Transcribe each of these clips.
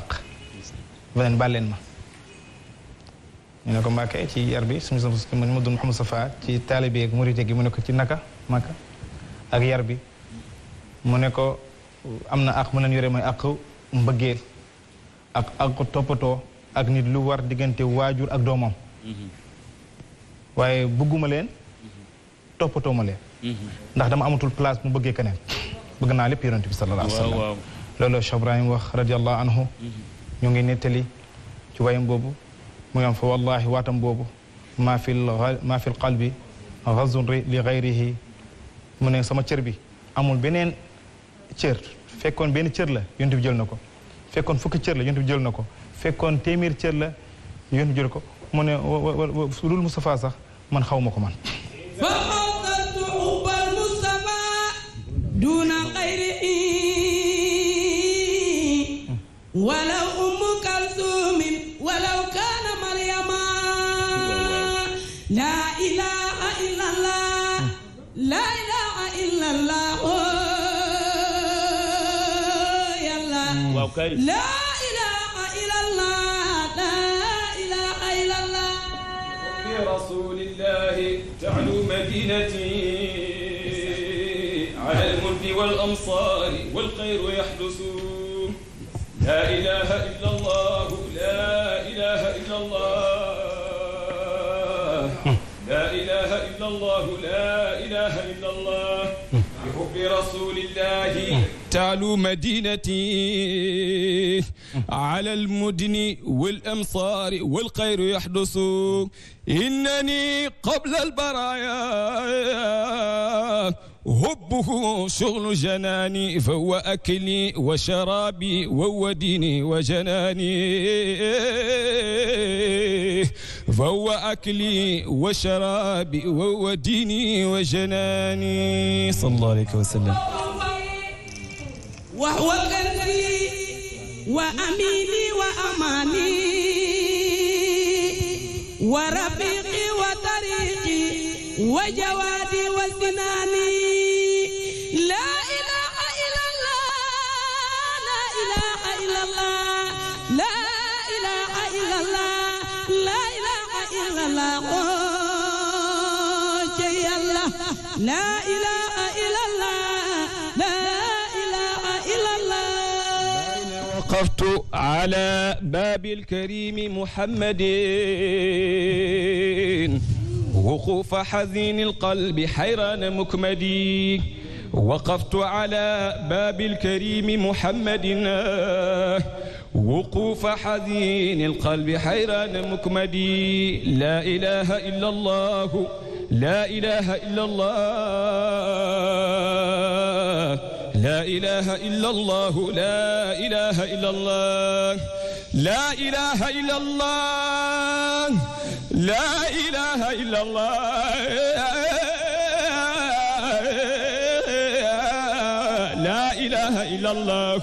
àq ba leen baal ma ñu ne ko Mbàkke ci yar bi suñu mu ma dun Muhammad Safa ci taalibe ak murite gi mu ne ko ci naka Makka ak yar bi mu ne ko am na ak mu leen yore mooy àq mbëggeel ak àq toppatoo ak nit lu war diggante waajur ak doomam waaye bëgguma leen toppatoo ma leen mhm. ndax dama amatul place mu bëggee keneen bëgg naa lépp yonent bi sallallahu alayhi looloo Cheikh Ibrahim wax radiallahu anhu mm-hmm. ñu ngi nettali ci wayam boobu mu ngi am boobu maa fi maa fi qalbi ghazun li ghayrihi mu ne sama cër bi amul beneen cër fekkoon benn cër la yonent bi jël na ko fekkoon fukk cër la yonent bi jël na ko fekkoon téeméer cër la yonent bi jël ko mu ne su dul sax man xawma ko man kay la ilaha illallah la ilaha illallah bi rasulillah ta'lu madinati ala al-mulk wal amsar wal khayr yahdusu la ilaha illallah la ilaha illallah la ilaha illallah la ilaha illallah بحب رسول الله تالو مدينتي على المدن والأمصار والخير يحدث إنني قبل البرايا حبه شغل جناني فهو أكلي وشرابي وهو ديني وجناني فهو أكلي وشرابي وهو ديني وجناني صلى الله عليه وسلم وهو غني وأميني وأماني ورفيقي وطريقي وجوادي وسناني la ilaha illallah la ilaha illallah waqaftu ala babil karimi muhammadin وقوف حزين القلب حيران مكمدي وقفت على باب الكريم محمد وقوف حزين القلب حيران مكمدي لا إله إلا الله laa ilaaha illallah laa ilaaha illallah laa ilaaha illallah laa ilaaha illallah laa ilaaha illallah laa ilaaha illallah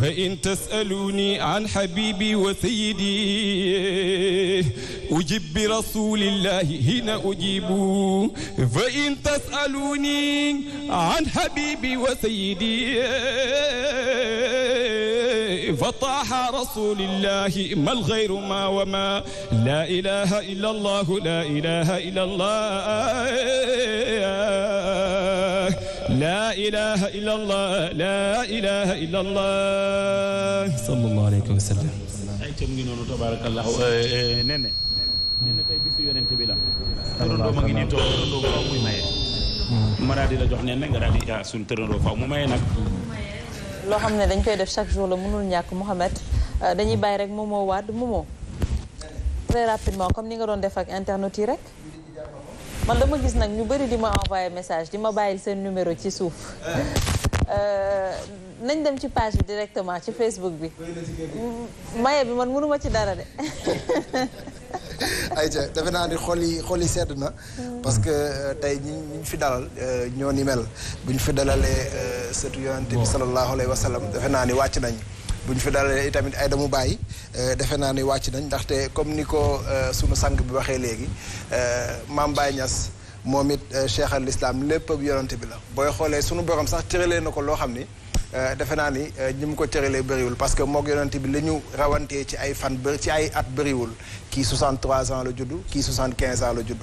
fa in tas'aluunii an habiibii wa sayyidii أجب برسول الله هنا أجيب فإن تسألوني عن حبيبي وسيدي فطاح رسول الله ما الغير ما وما لا إله إلا الله لا إله إلا الله لا إله إلا الله لا إله إلا الله صلى الله عليه وسلم ay tam ngi noonu tabarakallah nene bi la tërëndoo ma ngi nii toog tërëndoo faaw muy mm. ma daal di jox neen nga daal di ah suñ tërëndoo faaw mu maye nag loo xam ne dañ koy def chaque jour la mënul ñàkk Mouhamed ah, dañuy bàyyi rek moomoo waad moomoo très rapidement comme ni nga doon def ak internet yi rek man dama gis nag ñu bëri di ma envoyé message di ma bàyyil seen numéro ci suuf euh, nañ dem ci page bi directement ci Facebook bi maye bi man mënuma ci dara de ay defe naa ni xol yi xol yi sedd na. parce que euh, tey ñi ñu fi dalal euh, ñoo ni mel bu ñu fi dalalee euh, sëtu yonante bi sallallahu alayhi wa sallam defe naa ni wàcc nañ. buñ fi dalalee itamit ay damu bàyyi defe naa ni wàcc nañ ndaxte comme ni ko sunu sang bi waxee léegi maam Baye Niass. moom it cheikh al lépp ak yonante bi la booy xoolee sunu borom sax tëralee na ko loo xam ni. Euh, defe naa ni ñi euh, mu ko cëralee bëriwul parce que moog yonent bi li ñu rawantee ci ay fan bëri ci ay at bëriwul kii 63 ans la judd kii 75 ans la judd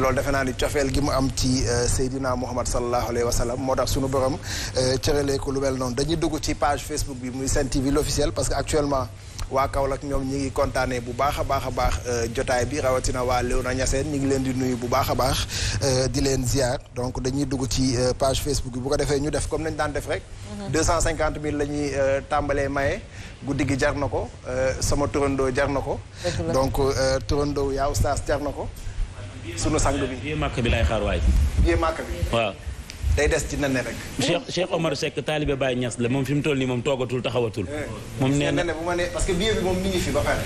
loolu defe naa ni cofeel gi mu am ci euh, Seydina Muhammad sallallahu alayhi wa sallam moo tax suñu borom euh, cëralee ko lu mel noonu dañuy dugg ci page Facebook bi muy Sen TV l'officiel parce que actuellement waa Kaolack ñoom ñi ngi kontaanee bu baax a baax a baax euh, jotaay bi rawatina waa Léona Niassène ñi ngi leen di nuyu bu baax a baax di leen ziar donc dañuy dugg ci page Facebook bi bu ko defee ñu def comme lañu daan def rek. 250 mhm. 000 la ñuy tàmbalee maye guddi gi jar na ko sama turandoo jar na ko. donc yaa oustaz jar na ko. sunu sang bi. biir màkk bi lay xaar waay. biir màkk bi. waaw. day des ci nenne rek. Cheikh Cheikh Omar Seck taalibe Baye Niass moom fi mu toll nii moom toogatul taxawatul. Eh. moom nee bu ma nee parce que biir bi moom mi ngi fi ba pare.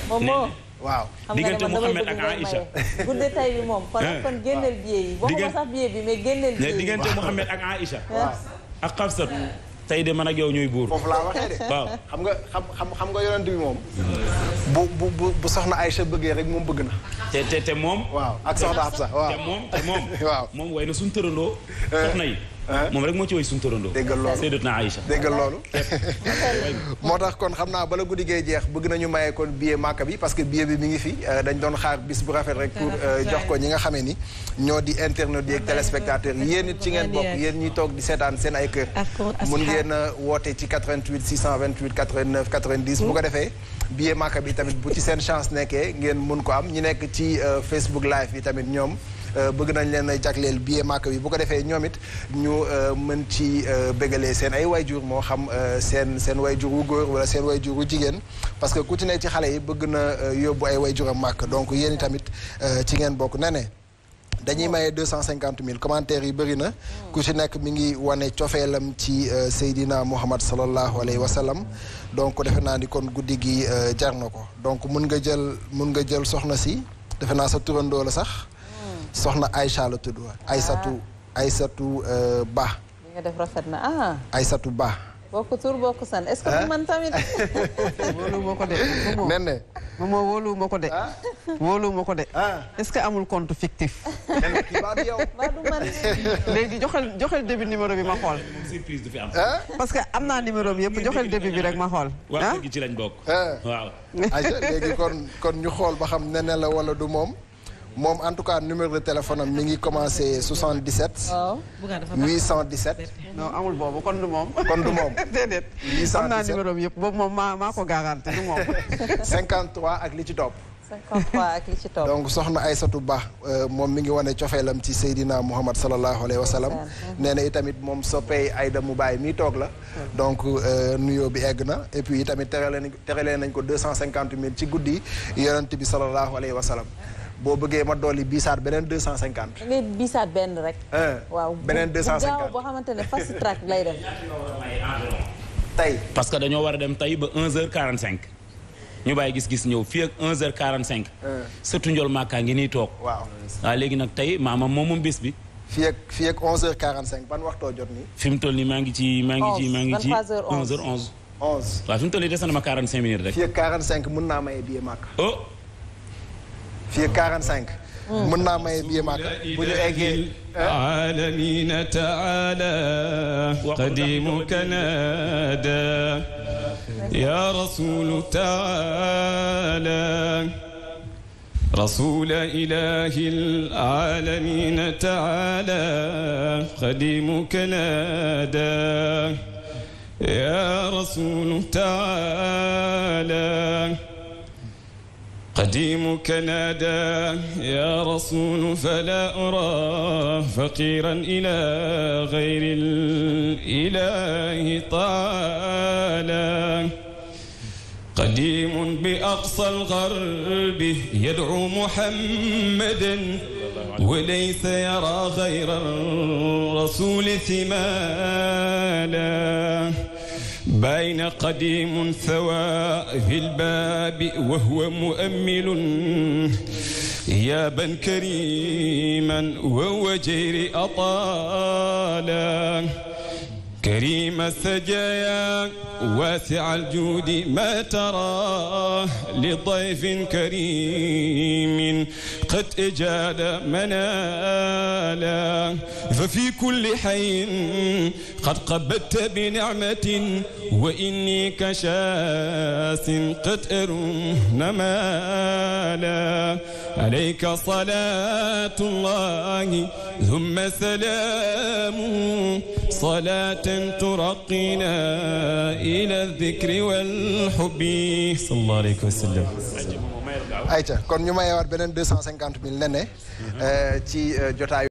waaw diggante Mouhamed ak Aïcha. bu détail bi moom eh. génneel billet yi. bi mais génneel billet yi. diggante Mouhamed ak Aïcha. Eh. ak Xafsat. tey de man ak yow ñuy buur. foofu laa waxee de. waaw bi moom. bu bu bu soxna Aïcha bëggee rek moom bëgg na. te te te moom. waaw ak soxna Absa waaw te moom te moom. waaw moom way na suñu tëraloo. Eh. soxna yi. moom rek moo ci woy suñu torondoo déggal loolu Seydatuna Aïcha moo tax kon xam naa bala guddi gee jeex bëgg nañu maye kon billet Màkka bi parce que billet bi mu ngi fi euh, dañ doon xaar bis bu rafet rek pour euh, jox ko ñi nga xamee ni ñoo di internautes yi ak téléspectateurs yéen it ci ngeen bopp yéen ñuy toog di seetaan seen ay kër mun ngeen euh, wootee ci 88 628 89 90 bu ko defee billet Màkka bi tamit bu ci seen chance nekkee ngeen mun ko am ñi nekk ci Facebook live bi tamit ñoom Euh, bëgg nañ leen jagleel billet Màkka bi bu ko defee ñoom it ñu euh, mën ci euh, bégalee seen ay wayjur moo xam seen seen wayjur wu góor wala seen wayjur wu jigéen parce que ku ci ne ci xale yi bëgg na yóbbu ay wayjuram Màkka donc yéen i tamit ci ngeen bokk na ne dañuy maye deux cent cinquante mille commentaires yi bëri na ku ci nekk mi ngi wane cofeelam ci Seydina Muhammad sallallahu alayhi wa sallam donc defe naa ni kon guddi gi jar na ko donc mun nga jël mun nga jël soxna si defe naa sa sax soxna Aïcha la tudd. Ah. Aïssatou Aïssatou euh, Ba. li nga def rafet na ah. Aïssatou Ba. bokk tur bokk san ah. ko de. nen ne moom wóolu ko de. Ah. wóolu moo de. est-ce que amul compte fictif. léegi joxel joxel début numéro bi ma xool. surprise parce que am naa numéro bi yëpp joxel début bi rek ma xool. waaw léegi ci lañ bokk. léegi kon ñu xool ba xam nene la wala du moom. moom en tout cas numéro de téléphone am mi ngi commencé 77. waaw 817. non amul boobu kon du moom. kon du moom. déedéet. 817 am naa numéro bi yëpp boobu moom maa maa ko garanti du moom. ak li ci topp. 53 ak li ci topp. donc soxna Aysatu Ba euh, moom mi ngi wane cofeelam ci Seydina Muhammad sallallahu alayhi wa sallam. nee na itamit moom soppey Ayda mu bàyyi mi toog la. donc euh, nuyoo bi egg na et puis itamit terale nañ ko terale nañ ko 250 000 ci guddi yonent bi sallallahu alayhi wa sallam. boo bëggee ma dolli biisaat beneen deux cent cinquante. ngay biisaat benn rek. Eh, waaw beneen deux cent cinquante boo xamante ne parce que dañoo war a dem tey ba onze heures quarante cinq ñu bàyyi gis-gis ñëw fii ak 11h45. Eh. surtout Ndiol Maka ngi nii toog. waaw waaw ah, léegi nag tey maama moom moom bés bi. fii ak fii ak 11h45 ban waxtoo jot nii. fi mu toll nii maa ngi ci maa ngi ci maa ngi ci. 11 11 11. waaw fi mu toll nii des na ma 45 minutes rek. fii ak 45 mën naa maye billet fii ak 45. mën naa maye biir màkk bu ñu eggee. alamina taala qadimuka naada ya rasulu taala رسول إله العالمين تعالى قديمك نادى يا رسول تعالى قديمك نادى يا رسول فلا أراه فقيرا إلى غير الإله تعالى قديم بأقصى الغرب يدعو محمدا وليس يرى غير الرسول ثمالا بين قديم ثوى في الباب وهو مؤمل يابا كريما وهو جير أطالا كريم السجايا واسع الجود ما تراه لضيف كريم قد اجاد منالا ففي كل حي قد قبضت بنعمة وإني كشاس قد أرم نمالا عليك صلاة الله ثم سلام صلاة ترقينا إلى الذكر والحب صلى الله عليه وسلم ayca kon ñu mayewaat beneen deux cent cinquante mille ne ne ci jotaayu